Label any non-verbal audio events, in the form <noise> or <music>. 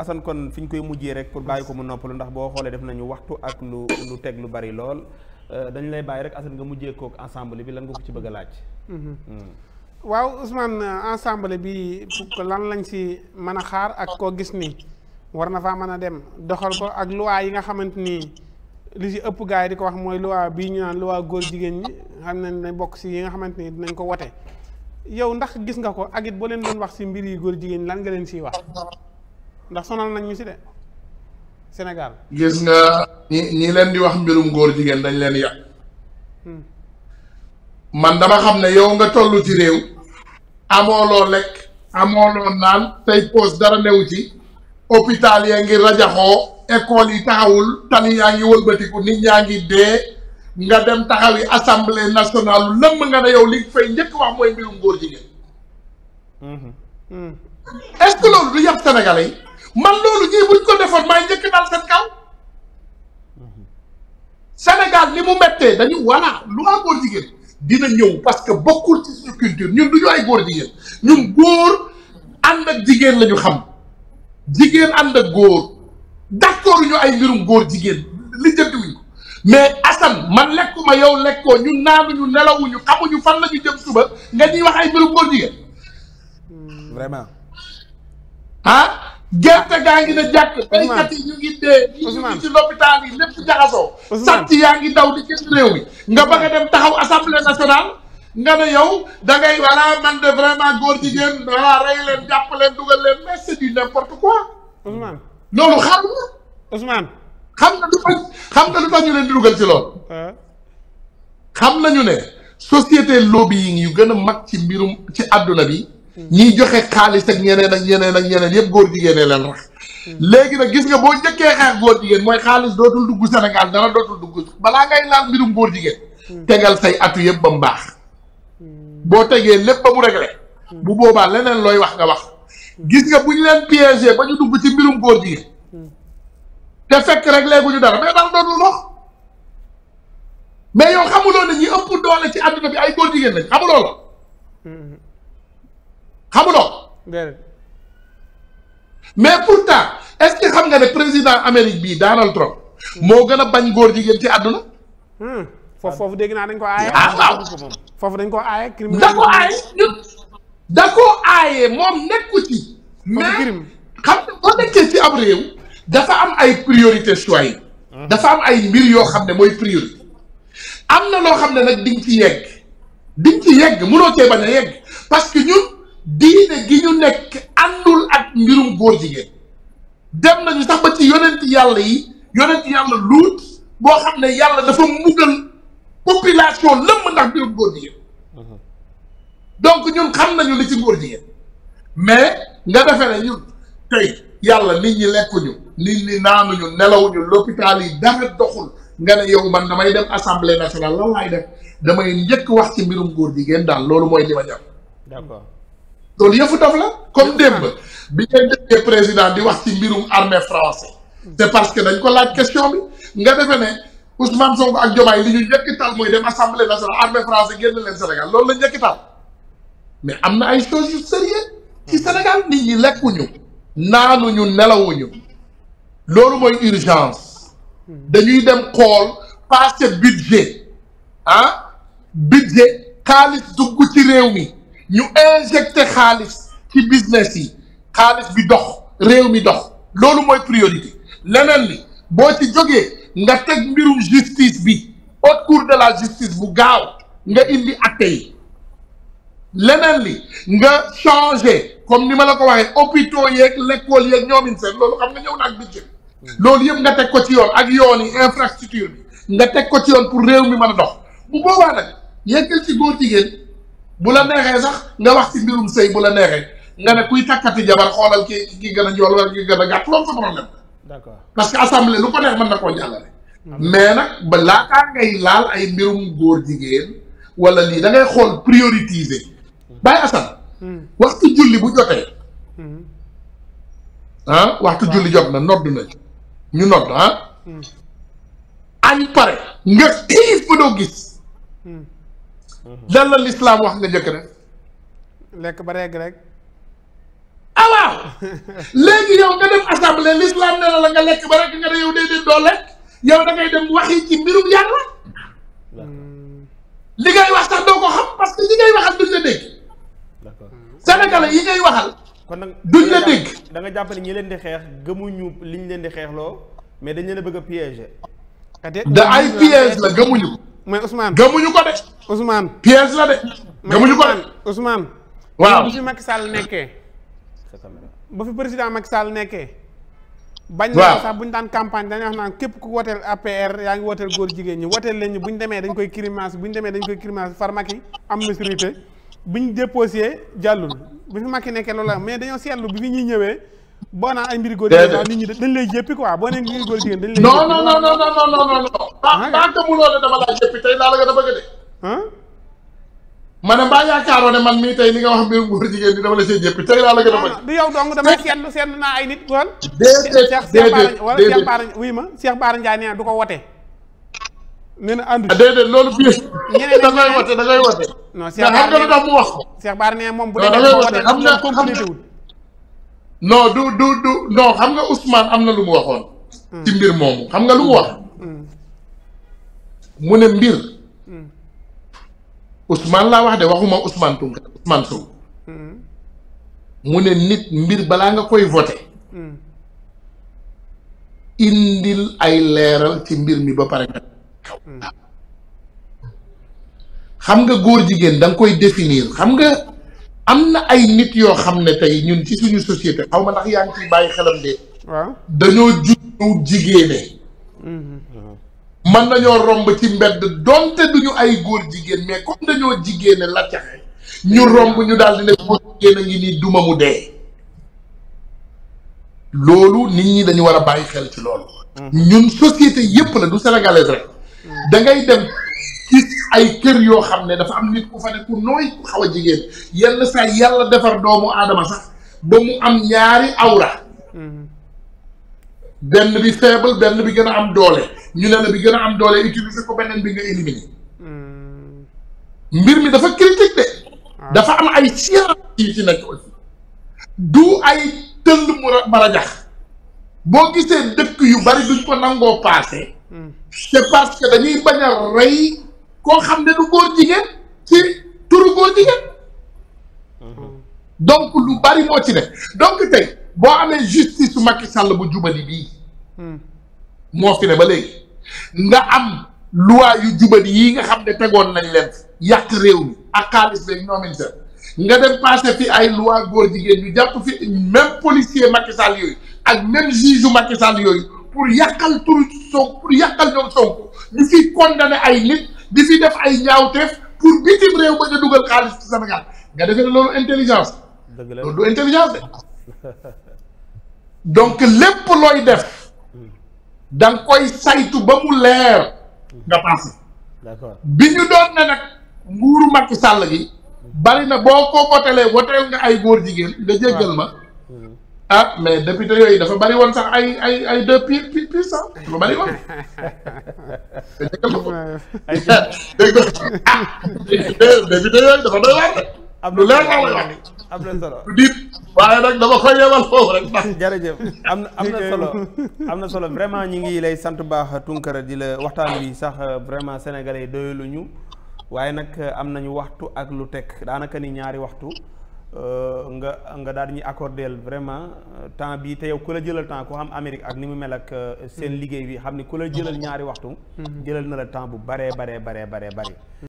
Assane kon fi ñu koy mujjee rek pour bàyyi ko mu noppalu ndax boo xoolee def nañu waxtu ak lu lu teg lu bari lool euh, dañu lay bàyyi rek Assane nga mujjee kook ensemble bi lan nga ko ci bëgg a laaj. Mm-hmm. Mm. waaw Ousmane ensemble bi lan lañ si mën a xaar ak koo gis ni war na faa mën a dem doxal ko ak luwaa yi nga xamante ni li si ëpp gars yi di ko wax mooy loi bii ñu naan loi góor jigéen ñi xam nañ ne bokk si yi nga xamante ni dinañ ko wote yow ndax gis nga ko agit boo leen doon wax si mbir yi góor jigéen ñi lan nga leen siy wax. ndax sonal nañ ñu si de Sénégal. gis nga ñi ñi leen di wax mbirum góor jigéen dañ leen yàq. Hmm. man dama xam ne yow nga toll ci réew. amoo loo lekk amoo loo naan tey pause dara new ci. hôpital yaa ngi rajaxoo école yi taxawul tali yaa ngi wëlbatiku nit ñaa ngi dee nga dem taxawi assemblée nationale lëmm nga ne yow li fay njëkk wax mooy mbirum góor jigéen. Hmm. Hmm. est-ce que loolu du yàpp sénégalais yi. man loolu ñii buñ ko defoon maay njëkk dal seen kaw Sénégal li mu méttee dañu voilà lu waa góor jigéen dina ñëw parce que bokkul ci culture ñun du ñu ay góor jigéen ñun góor ànd ak jigéen lañu xam jigéen ànd ak góor d'accord ñu ay mbirum góor jigéen li jëndiwuñ ko mais Assane man lekkuma yow lekkoo ñun naanuñu nelawuñu xamuñu fan la ñu jëm suba nga ñuy wax ay mbirum góor jigéen. vraiment gerte gaa ngi ne jàkk. Ousmane béykat yi ñu ngi dee. Ousmane ñu ngi ci lopitaan yi lépp jaxasoo. Ousmane sàcc yaa ngi daw li gën réew mi. nga bëgg a dem taxaw assemblée nationale. nga ne yow da ngay voilà man vraiment góor jigéen voilà rey leen jàpp leen dugal leen mais c'est du n'importe quoi. Ousmane loolu xam nga. xam nga lu tax xam nga lu tax ñu leen di dugal ci lool euh? xam nañu ne société lobbying yu gën a mag ci mbirum ci àdduna bi. ñiy joxe xaalis ak ñeneen ak ñeneen ak ñeneen yëpp góor jigéen leen rax. léegi nag gis nga boo njëkkee xeex góor jigéen mooy xaalis dootul dugg Sénégal dara dootul dugg balaa ngay laal mbirum góor jigéen. Hmm. tegal say atu yëpp ba mu hmm. tegee lépp ba mu réglé. Hmm. bu boobaa leneen looy wax nga wax. gis nga bu ñu leen piégé ba ñu dugg ci mbirum góor jigéen. te fekk rek gu ñu dara mais daal dootul dox. mais yow xamuloo ne ñi ëpp doole ci àdduna bi ay góor jigéen lañ xamuloo la. xamuloo mais pourtant est-ce que xam nga ne président Amérique bii Donald Trump moo gën a bañ góor jigéen ci àdduna hmm. foofu foofu dégg naa dañ ko aaye ah waaw foofu dañ ko aaye crime da ko aaye da ko moom nekku ci mais xam nga boo nekkee ci ab réew dafa am ay priorité choix hmm. dafa am ay mbir yoo xam ne mooy priorité am na loo xam ne nag diñ ci yegg diñ ci yegg mënoo cee bañ a yegg parce que ñun diine gi ñu nekk àndul ak mbirum góor jigéen dem nañu sax ba ci yonent yàlla yi yonent yàlla luut boo xam ne yàlla dafa mbugal population lëmm ndax mbirum góor jigéen donc ñun xam nañu li ci góor jigéen mais nga defee ne ñun tey yàlla nit ñi lekkuñu nit ñi naanuñu nelawuñu l'hôpital yi dara doxul nga ne yow man damay dem assemblée nationale lan laay def damay njëkk wax ci mbirum góor jigéen daal loolu mooy li ma loolu yëpp daf la comme démb bi ngeen déggee président di wax ci mbirum armée français c'est parce que dañ ko laaj question bi nga defee ne Ousmane Sonko ak Diomaye li ñu njëkkital mooy dem assemblée nationale armée français génn leen Sénégal loolu la njëkkital mais am na ay choses yu sérieux ci Sénégal nit ñi lekkuñu naanuñu nelawuñu loolu mooy urgence dañuy dem xool passé budget ah budget xaalis dugg ci réew mi ñu injecté xaalis ci business yi xaalis bi dox réew mi dox loolu mooy priorité leneen li boo ci jógee nga teg mbirum justice bi haute cour de la justice bu gaaw nga indi atte yi leneen li nga changé comme ni ma la ko waxee hôpitaux yeeg lekkool yeeg ñoomin seen loolu xam nga ñëw na ak budget hmm. loolu yëpp nga teg ko ci yoon ak yoon yi infrastructure bi nga teg ko ci yoon pour réew mi mën a dox bu boobaa nag yekkal ci boo jigéen bu la neexee sax nga wax ci mbirum sëy bu la neexee nga ne kuy takkati jabar xoolal ki ki gën a jool wala ki gën a gàtt loolu sa problème d'accord parce que assemblée lu ko neex mën na koo jàllale mm-hmm. mais nag ba laataa ngay laal ay mbirum góor jigéen wala lii da ngay xool prioritiser mm-hmm. bàyyi asan mm-hmm. waxtu julli bu jotee ah, waxtu julli jot na nodd nañ ñu nodd ah. añ pare nga xiif ba doo gis Mhm. lan la lislaam wax nga njëkk rek. lekk ba regg rek. ah waaw léegi yow nga dem assemblée lislaam ne la la nga lekk ba rek nga ne yow déedéet doo lekk yow da dem waxi ci mbirum li ngay wax li ngay waxal duñ la dégg. sénégalais yi ngay kon nag duñ da nga ñi leen di xeex gëmuñu liñ leen di xeexloo mais dañ leen a bëgg a piéger. da ay piège la gëmuñu mooy Ousmane gëmuñu ko de. Ousmane. pièce la de. gëmuñu ko bu fi Macky Sall nekkee. bu fi président Macky Sall nekkee. bañ na sax bu ñu daan campagne dañuy wax naan képp ku woteel APR yaa ngi woteel góor jigéen ñi woteel leen ñu bu ñu demee dañ koy crimage bu ñu demee dañ koy crimage far Macky am maturité bu ñu jàllul bu fi Macky nekkee loolu mais dañoo seetlu bi fi ñuy ñëwee. boo naan ay mbiri góor jigéen nit ñi dañ lay jéppi quoi boo nee dañ lay. non non non non non non non non non non non non ma ne mbaa yaakaaroo ne man mii tey li nga wax mbirum góor jigéen di dama la see jéppi tey laa la gën a bañ. Ah, du yow dong damay seetlu naa ay nit. déedéet déedéet wala Cheikh Baara wuy ma na du ko wote. nee na ànd. Ah, déedéet loolu bii. ñeneen da ngay wote da ngay wote. non Cheikh Baara xam nga moom bu dee da ngay wote xam nga xam nga non du du du non xam nga Ousmane am na lu mu waxoon. Hmm. ci mbir moomu xam nga lu mu wax. Hmm. mu ne mbir. Ousmane laa wax de waxuma Ousmane Tounkara Ousmane Sow hmm. mu ne nit mbir balaa nga koy voté hmm. indil ay leeral ci mbir mi ba pare nga kaw hmm. xam nga góor jigéen danga koy definiir xam nga am na ay nit yoo xam ne tey ñun ci suñu société xaw ma ndax yaa ngi ciy bàyyi xelam de. dañoo juddu jigéene. man nañoo romb ci mbedd donte duñu ay góor jigéen mais comme dañoo jigéen la ñu romb ñu daal di ne góor jigéen a ngi nii duma mu dee loolu nit ñi dañu war a bàyyi xel ci loolu mhm. ñun société yépp la du sénégalaise rek mhm. da ngay dem ci ay kër yoo xam ne dafa am nit ku fa ne ku nooy ku xaw a jigéen yenn saa yàlla defar doomu aadama sax ba mu am ñaari awra mhm. benn bi faible benn bi gën a am doole ñu ne la bi gën a am doole utiliser ko beneen bi nga éliminer hmm. mbir mi dafa critique de ah. dafa am ay science yi ci nekk aussi du ay tënd mu marajax boo gisee dëkk yu bari duñ ko nangoo paase hmm. c'est parce dañuy bañ a rey koo xam ne lu góor jigéen ci turu góor jigéen hmm. donc lu bari moo ci ne donc tey boo amee justice su Macky Sall bu jubali bii moo fi ne ba léegi nga am loi yu jubal yi nga xam ne tegoon nañ leen yàq réew mi ak xaalis beeg ñoomin seen nga dem passé fi ay loi góor jigéen ñu jàpp fi même policier Macky Sall yooyu ak même juge Macky Sall yooyu pour yàqal turu Sonko pour yàqal ñoom Sonko ñu fi condamné ay nit di fi def ay ñaawteef pour bitim réew ba ñu dugal xaalis Sénégal nga defee ne loolu intelligence. dëgg du intelligence de <laughs> donc lépp looy def. da nga koy saytu ba mu leer nga passé d'accord bi ñu doon na nag nguuru Macky sàll bi bari na boo ko wotelee woteel nga ay góor jigéen nga jéggal ma ah mais député yooyu dafa bari woon sax ay ay ay deux pire pire pire sax dafa bari woon <laughs> dégg <laughs> nga député yooyu dafa doy waar de lu leer laa lay wax am na solo diit waaye nag dama koy yebal <laughs> jërëjëf am na am na solo am na solo vraiment ñi ngi lay sant baax Tunkara di la waxtaan wi sax euh, vraiment sénégalais yi doyalu ñu waaye nag euh, am nañu waxtu ak lu teg daanaka ni ñaari waxtu euh, nga nga daal di ñuy accordeel vraiment temps bi te yow ku la jëlal temps ku xam Amérique ak ni mu mel ak seen hmm. liggéey bi xam ni ku la jëlal ñaari waxtu hmm. jëlal na la temps bu baree bare baree baree bari